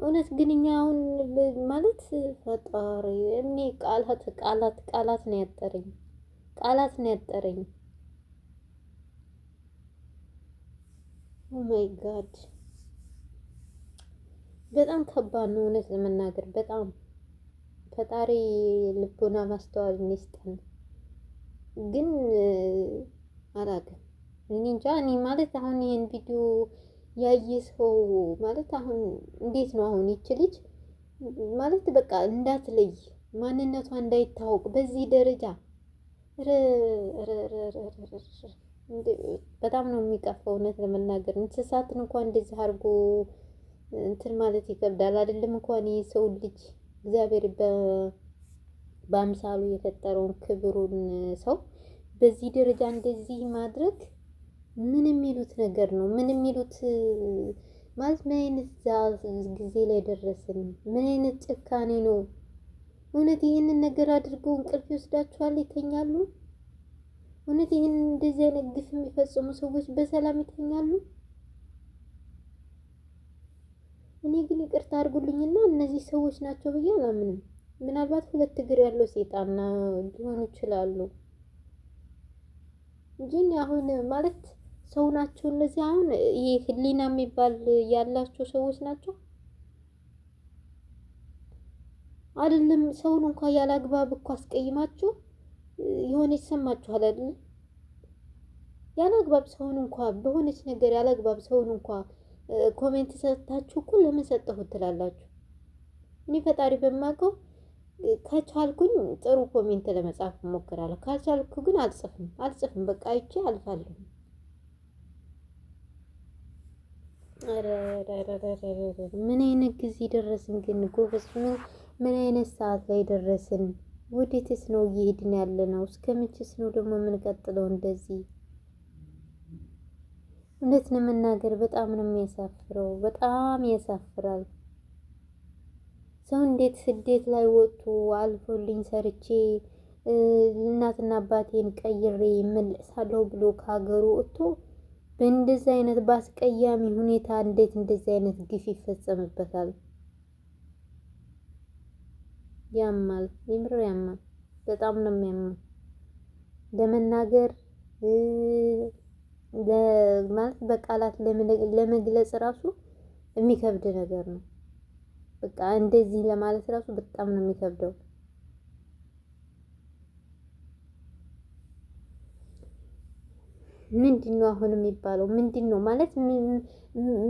እውነት ግን እኛ አሁን ማለት ፈጣሪ እኔ ቃላት ቃላት ቃላት ነው ያጠረኝ፣ ቃላት ነው ያጠረኝ። ኦ ማይ ጋድ በጣም ከባድ ነው እውነት ለመናገር በጣም ፈጣሪ ልቦና ማስተዋል ይስጠን። ግን አላውቅም እኔ እንጃ እኔ ማለት አሁን ይህን ቪዲዮ ያየ ሰው ማለት አሁን እንዴት ነው? አሁን ይች ልጅ ማለት በቃ እንዳትለይ ማንነቷ እንዳይታወቅ በዚህ ደረጃ በጣም ነው የሚቀፈው። እውነት ለመናገር እንስሳትን እንኳን እንደዚህ አድርጎ እንትን ማለት ይከብዳል። አይደለም እንኳን የሰው ልጅ እግዚአብሔር በአምሳሉ የፈጠረውን ክብሩን ሰው በዚህ ደረጃ እንደዚህ ማድረግ ምን የሚሉት ነገር ነው? ምን የሚሉት ማለት ምን አይነት ጊዜ ላይ ደረስን? ምን አይነት ጭካኔ ነው? እውነት ይህንን ነገር አድርገው እንቅልፍ ይወስዳቸዋል፣ ይተኛሉ። እውነት ይህን እንደዚህ አይነት ግፍ የሚፈጽሙ ሰዎች በሰላም ይተኛሉ። እኔ ግን ይቅርታ አድርጉልኝና እነዚህ ሰዎች ናቸው ብዬ አላምንም። ምናልባት ሁለት እግር ያለው ሴጣን ሊሆኑ ይችላሉ እንጂ አሁን ማለት ሰው ናቸው እነዚህ። አሁን ይህ ህሊና የሚባል ያላቸው ሰዎች ናቸው አይደለም። ሰውን እንኳ ያለ አግባብ እኮ አስቀይማችሁ የሆነ ይሰማችኋል አይደለም? ያለ አግባብ ሰውን እንኳ በሆነች ነገር ያለ አግባብ ሰውን እንኳ ኮሜንት ሰጥታችሁ እኮ ለምን ሰጠሁት ትላላችሁ። እኔ ፈጣሪ በማውቀው ከቻልኩኝ ጥሩ ኮሜንት ለመጻፍ እሞክራለሁ። ካልቻልኩ ግን አልጽፍም አልጽፍም። በቃ አይቼ አልፋለሁ። ምን አይነት ጊዜ ደረስን ግን ጎበዝ? ምን አይነት ሰዓት ላይ ደረስን? ወዴትስ ነው እየሄድን ያለ ነው? እስከ መቼስ ነው ደግሞ የምንቀጥለው እንደዚህ? እውነት ለመናገር በጣም ነው የሚያሳፍረው። በጣም ያሳፍራል። ሰው እንዴት ስደት ላይ ወጥቶ አልፎልኝ ሰርቼ እናትና አባቴን ቀይሬ እመለሳለሁ ብሎ ከሀገሩ ወጥቶ በእንደዚህ አይነት በአስቀያሚ ሁኔታ እንዴት እንደዚህ አይነት ግፍ ይፈጸምበታል? ያማል፣ የምር ያማል። በጣም ነው የሚያማው። ለመናገር ማለት በቃላት ለመግለጽ ራሱ የሚከብድ ነገር ነው። በቃ እንደዚህ ለማለት ራሱ በጣም ነው የሚከብደው። ምንድን ነው አሁን የሚባለው? ምንድን ነው ማለት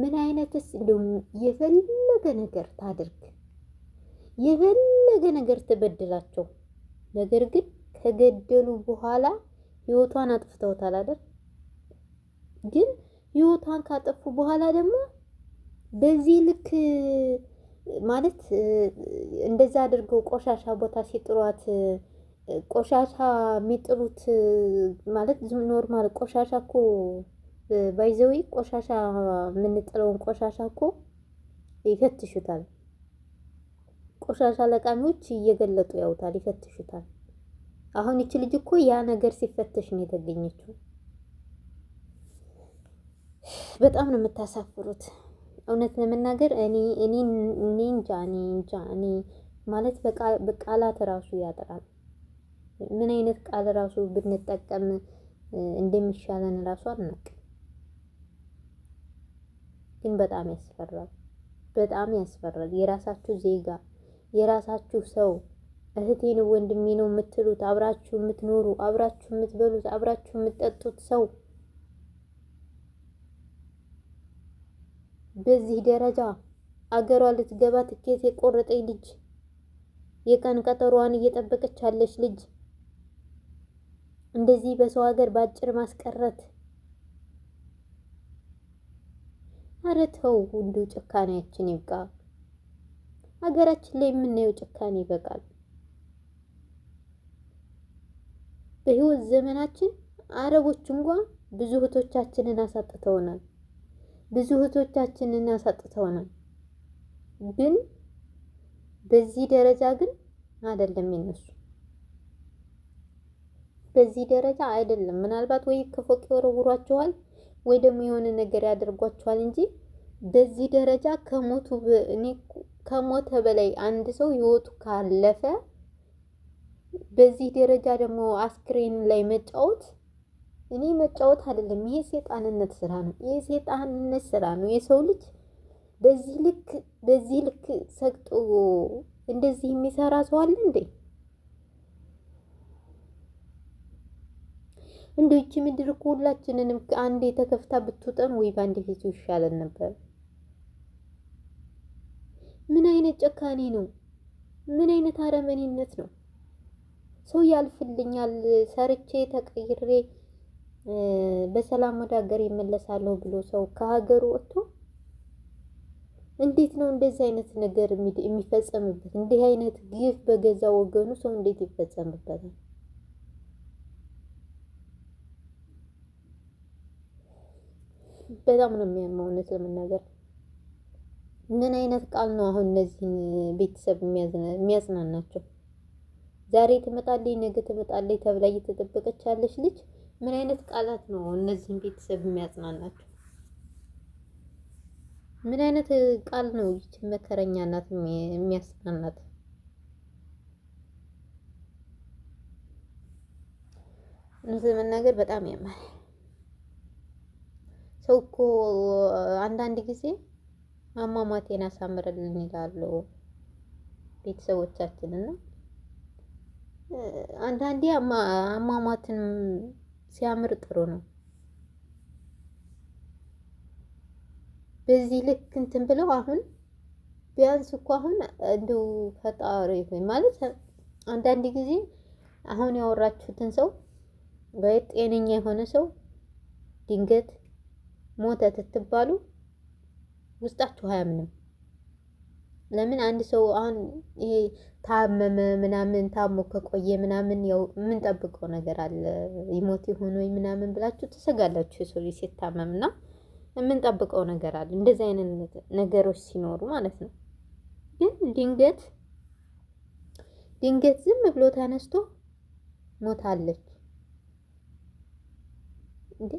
ምን አይነትስ እንደውም የፈለገ ነገር ታድርግ፣ የፈለገ ነገር ትበድላቸው፣ ነገር ግን ከገደሉ በኋላ ህይወቷን አጥፍተውታል አይደል? ግን ህይወቷን ካጠፉ በኋላ ደግሞ በዚህ ልክ ማለት እንደዛ አድርገው ቆሻሻ ቦታ ሲጥሯት ቆሻሻ የሚጥሉት ማለት ኖርማል ቆሻሻ እኮ ባይዘዊ ቆሻሻ የምንጥለውን ቆሻሻ እኮ ይፈትሹታል። ቆሻሻ ለቃሚዎች እየገለጡ ያውታል፣ ይፈትሹታል። አሁን ይቺ ልጅ እኮ ያ ነገር ሲፈተሽ ነው የተገኘችው። በጣም ነው የምታሳፍሩት። እውነት ለመናገር እኔ እኔ እንጃ እኔ እንጃ እኔ ማለት በቃላት ራሱ ያጥራል። ምን አይነት ቃል ራሱ ብንጠቀም እንደሚሻለን ራሱ አናውቅም። ግን በጣም ያስፈራል፣ በጣም ያስፈራል። የራሳችሁ ዜጋ የራሳችሁ ሰው እህቴ ነው ወንድሜ ነው የምትሉት አብራችሁ የምትኖሩ አብራችሁ የምትበሉት አብራችሁ የምትጠጡት ሰው በዚህ ደረጃ አገሯ ልትገባ ትኬት የቆረጠኝ ልጅ የቀን ቀጠሯን እየጠበቀች ያለች ልጅ እንደዚህ በሰው ሀገር በአጭር ማስቀረት። ኧረ ተው ሁሉ ጭካኔያችን ይብቃ። ሀገራችን ላይ የምናየው ጭካኔ ይበቃል። በህይወት ዘመናችን አረቦች እንኳን ብዙ እህቶቻችንን አሳጥተውናል። ብዙ እህቶቻችንን አሳጥተውናል። ግን በዚህ ደረጃ ግን አይደለም የነሱ በዚህ ደረጃ አይደለም። ምናልባት ወይ ከፎቅ ይወረውሯችኋል ወይ ደግሞ የሆነ ነገር ያደርጓቸዋል እንጂ በዚህ ደረጃ ከሞቱ እኔ ከሞተ በላይ አንድ ሰው ህይወቱ ካለፈ በዚህ ደረጃ ደግሞ አስክሬን ላይ መጫወት እኔ መጫወት አይደለም። ይሄ ሴጣንነት ስራ ነው። ይሄ ሴጣንነት ስራ ነው። የሰው ልጅ በዚህ ልክ በዚህ ልክ ሰግጦ እንደዚህ የሚሰራ ሰው አለ እንዴ? እንደው ይቺ ምድር እኮ ሁላችንንም አንዴ ተከፍታ ብትውጠን ወይ በአንድ ፊቱ ይሻለን ነበር። ምን አይነት ጨካኔ ነው? ምን አይነት አረመኔነት ነው? ሰው ያልፍልኛል፣ ሰርቼ ተቀይሬ በሰላም ወደ ሀገር ይመለሳለሁ ብሎ ሰው ከሀገሩ ወጥቶ እንዴት ነው እንደዚህ አይነት ነገር የሚፈጸምበት? እንዲህ አይነት ግፍ በገዛ ወገኑ ሰው እንዴት ይፈጸምበታል? በጣም ነው የሚያመው። እውነት ለመናገር ምን አይነት ቃል ነው አሁን እነዚህን ቤተሰብ የሚያጽናናቸው? ዛሬ ትመጣለች ነገ ትመጣለች ተብላ እየተጠበቀች ያለች ልጅ ምን አይነት ቃላት ነው እነዚህን ቤተሰብ የሚያጽናናቸው? ምን አይነት ቃል ነው ይች መከረኛ ናት የሚያጽናናት? እውነት ለመናገር በጣም ያማል። እኮ አንዳንድ ጊዜ አሟሟቴን አሳምርልን ይላሉ ቤተሰቦቻችን እና አንዳንዴ አሟሟትን ሲያምር ጥሩ ነው። በዚህ ልክ እንትን ብለው አሁን ቢያንስ እኮ አሁን እንደው ፈጣሪ ሆይ ማለት አንዳንድ ጊዜ አሁን ያወራችሁትን ሰው ወይ ጤነኛ የሆነ ሰው ድንገት ሞተ ትትባሉ ውስጣችሁ አያምንም። ለምን አንድ ሰው አሁን ይሄ ታመመ ምናምን ታሞ ከቆየ ምናምን ያው የምንጠብቀው ነገር አለ። ይሞት ይሆን ወይ ምናምን ብላችሁ ትሰጋላችሁ። የሰው ልጅ ሲታመምና የምንጠብቀው ነገር አለ። እንደዚህ አይነት ነገሮች ሲኖሩ ማለት ነው። ግን ድንገት ድንገት ዝም ብሎ ተነስቶ ሞታለች እንዴ?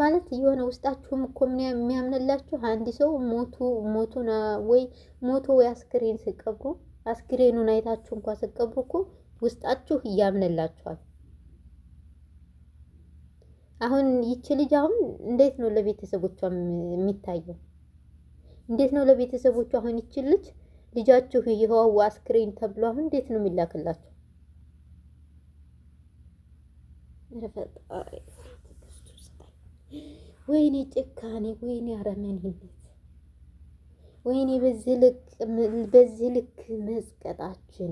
ማለት የሆነ ውስጣችሁም እኮ የሚያምንላችሁ አንድ ሰው ሞቱ ሞቱን ወይ ሞቶ ወይ አስክሬን ስቀብሩ አስክሬኑን አይታችሁ እንኳ ስቀብሩ እኮ ውስጣችሁ እያምንላችኋል። አሁን ይቺ ልጅ አሁን እንዴት ነው ለቤተሰቦቿ የሚታየው? እንዴት ነው ለቤተሰቦቿ? አሁን ይቺ ልጅ ልጃችሁ የህዋው አስክሬን ተብሎ አሁን እንዴት ነው የሚላክላቸው? ወይኔ ጭካኔ፣ ወይኔ አረመኔነት፣ ወይኔ በዚህ ልክ መዝቀጣችን።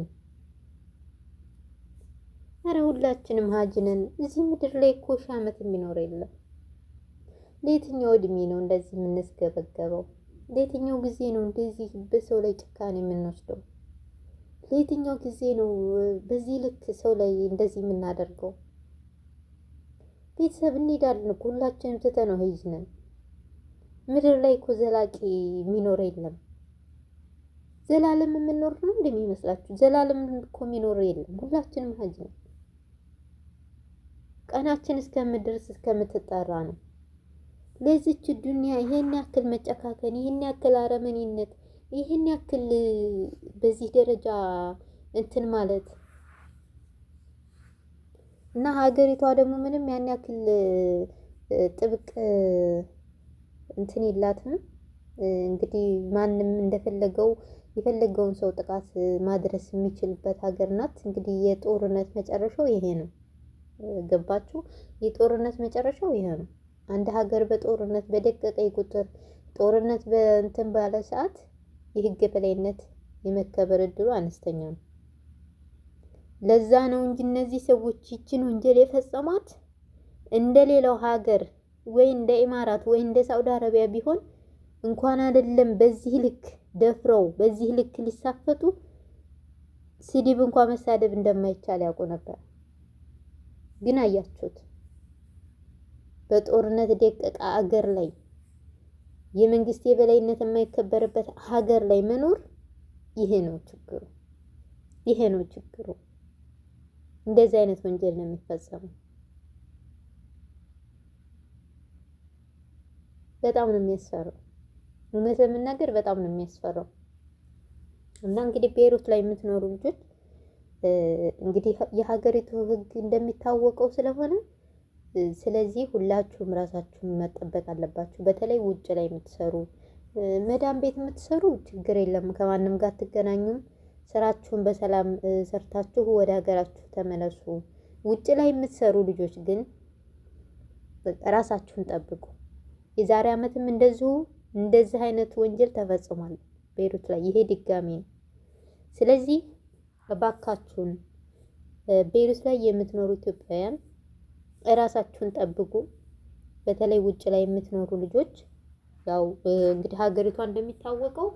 ኧረ ሁላችንም ሀጅነን እዚህ ምድር ላይ እኮ ሺህ ዓመት የሚኖር የለም። ለየትኛው እድሜ ነው እንደዚህ የምንስገበገበው? ለየትኛው ጊዜ ነው እንደዚህ በሰው ላይ ጭካኔ የምንወስደው? ለየትኛው ጊዜ ነው በዚህ ልክ ሰው ላይ እንደዚህ የምናደርገው? ቤተሰብ እንሄዳለን እኮ ሁላችንም ትተነው ሂጅ ምድር ላይ እኮ ዘላቂ የሚኖር የለም። ዘላለም የምንኖር ነው እንደሚመስላችሁ? ዘላለም እኮ የሚኖር የለም። ሁላችንም ሀጅ ነው። ቀናችን እስከምድርስ እስከምትጠራ ነው። ለዚች ዱንያ ይህን ያክል መጨካከን፣ ይህን ያክል አረመኔነት፣ ይህን ያክል በዚህ ደረጃ እንትን ማለት እና ሀገሪቷ ደግሞ ምንም ያን ያክል ጥብቅ እንትን የላትም። እንግዲህ ማንም እንደፈለገው የፈለገውን ሰው ጥቃት ማድረስ የሚችልበት ሀገር ናት። እንግዲህ የጦርነት መጨረሻው ይሄ ነው። ገባችሁ? የጦርነት መጨረሻው ይሄ ነው። አንድ ሀገር በጦርነት በደቀቀ ቁጥር ጦርነት በእንትን ባለ ሰዓት የህግ የበላይነት የመከበር እድሉ አነስተኛ ነው። ለዛ ነው እንጂ እነዚህ ሰዎች ይችን ወንጀል የፈጸሟት እንደ ሌላው ሀገር ወይ እንደ ኢማራት ወይ እንደ ሳውዲ አረቢያ ቢሆን እንኳን አይደለም በዚህ ልክ ደፍረው በዚህ ልክ ሊሳፈጡ ስድብ እንኳ መሳደብ እንደማይቻል ያውቁ ነበር። ግን አያችሁት፣ በጦርነት ደቀቃ አገር ላይ የመንግስት የበላይነት የማይከበርበት ሀገር ላይ መኖር ይሄ ነው ችግሩ። ይሄ ነው ችግሩ። እንደዚህ አይነት ወንጀል ነው የሚፈጸመው። በጣም ነው የሚያስፈራው። እውነት ለመናገር በጣም ነው የሚያስፈራው። እና እንግዲህ ቤይሩት ላይ የምትኖሩ ልጆች እንግዲህ የሀገሪቱ ሕግ እንደሚታወቀው ስለሆነ ስለዚህ ሁላችሁም ራሳችሁን መጠበቅ አለባችሁ። በተለይ ውጭ ላይ የምትሰሩ መዳን ቤት የምትሰሩ ችግር የለም፣ ከማንም ጋር አትገናኙም። ስራችሁን በሰላም ሰርታችሁ ወደ ሀገራችሁ ተመለሱ። ውጭ ላይ የምትሰሩ ልጆች ግን ራሳችሁን ጠብቁ። የዛሬ ዓመትም እንደዚሁ እንደዚህ አይነት ወንጀል ተፈጽሟል ቤሩት ላይ ይሄ ድጋሚ ነው። ስለዚህ እባካችሁን ቤሩት ላይ የምትኖሩ ኢትዮጵያውያን እራሳችሁን ጠብቁ። በተለይ ውጭ ላይ የምትኖሩ ልጆች ያው እንግዲህ ሀገሪቷ እንደሚታወቀው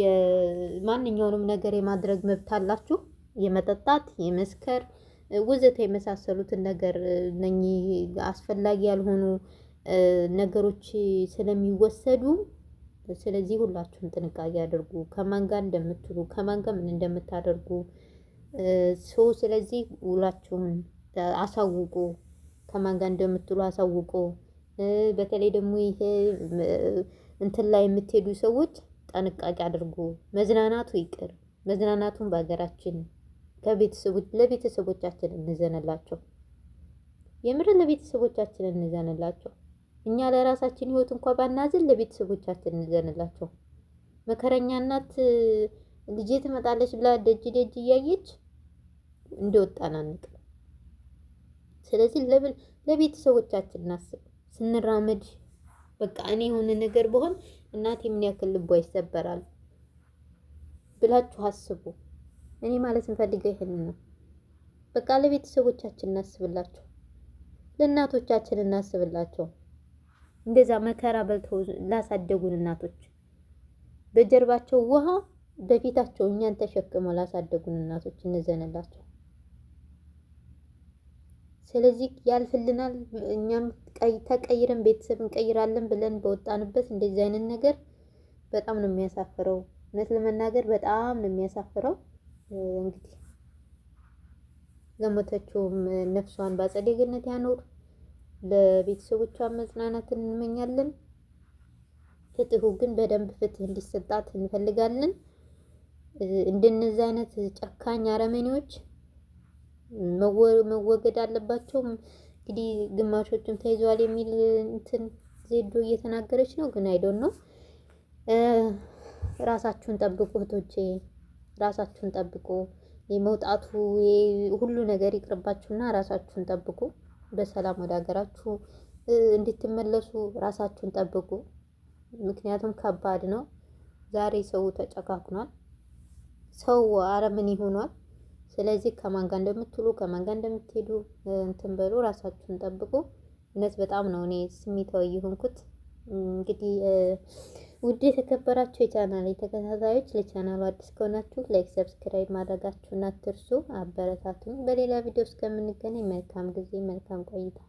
የማንኛውንም ነገር የማድረግ መብት አላችሁ። የመጠጣት፣ የመስከር ወዘተ የመሳሰሉትን ነገር እነኚህ አስፈላጊ ያልሆኑ ነገሮች ስለሚወሰዱ ስለዚህ ሁላችሁም ጥንቃቄ አድርጉ። ከማን ጋር እንደምትሉ ከማን ጋር ምን እንደምታደርጉ ሶ ስለዚህ ውላችሁም አሳውቁ። ከማን ጋር እንደምትሉ አሳውቁ። በተለይ ደግሞ ይሄ እንትን ላይ የምትሄዱ ሰዎች ጥንቃቄ አድርጉ። መዝናናቱ ይቅር፣ መዝናናቱን በሀገራችን ከቤተሰቦች ለቤተሰቦቻችን እንዘንላቸው። የምር ለቤተሰቦቻችን እንዘንላቸው። እኛ ለራሳችን ህይወት እንኳ ባናዝን ለቤተሰቦቻችን እንዘንላቸው። መከረኛ እናት ልጄ ትመጣለች ብላ ደጅ ደጅ እያየች እንደወጣና አንቅር። ስለዚህ ለቤተሰቦቻችን እናስብ። ስንራመድ በቃ እኔ የሆነ ነገር በሆን እናቴ ምን ያክል ልቧ ይሰበራል ብላችሁ አስቡ። እኔ ማለት እንፈልገው ይሄንን ነው። በቃ ለቤተሰቦቻችን እናስብላቸው፣ ለእናቶቻችን እናስብላቸው። እንደዛ መከራ በልተው ላሳደጉን እናቶች በጀርባቸው ውሃ በፊታቸው እኛን ተሸክመው ላሳደጉን እናቶች እንዘንላቸው። ስለዚህ ያልፍልናል። እኛም ተቀይረን ቤተሰብ እንቀይራለን ብለን በወጣንበት እንደዚህ አይነት ነገር በጣም ነው የሚያሳፍረው። እውነት ለመናገር በጣም ነው የሚያሳፍረው። እንግዲህ ለሞተችውም ነፍሷን በአጸደ ገነት ያኖር፣ ለቤተሰቦቿን መጽናናት እንመኛለን። ፍትሁ ግን በደንብ ፍትህ እንዲሰጣት እንፈልጋለን። እንደነዚህ አይነት ጨካኝ አረመኔዎች መወገድ አለባቸው። እንግዲህ ግማሾቹም ተይዘዋል የሚል እንትን ዜዶ እየተናገረች ነው፣ ግን አይዶን ነው። ራሳችሁን ጠብቁ እህቶቼ፣ ራሳችሁን ጠብቁ። የመውጣቱ ሁሉ ነገር ይቅርባችሁና ራሳችሁን ጠብቁ። በሰላም ወደ ሀገራችሁ እንድትመለሱ ራሳችሁን ጠብቁ። ምክንያቱም ከባድ ነው። ዛሬ ሰው ተጨካክኗል። ሰው አረምን ይሆኗል። ስለዚህ ከማን ጋር እንደምትውሉ ከማን ጋር እንደምትሄዱ እንትን በሉ፣ ራሳችሁን ጠብቁ። እውነት በጣም ነው እኔ ስሜታዊ የሆንኩት። እንግዲህ ውድ የተከበራችሁ የቻናል ተከታታዮች ለቻናሉ አዲስ ከሆናችሁ ላይክ፣ ሰብስክራይብ ማድረጋችሁን አትርሱ። አበረታቱኝ። በሌላ ቪዲዮ እስከምንገናኝ መልካም ጊዜ፣ መልካም ቆይታ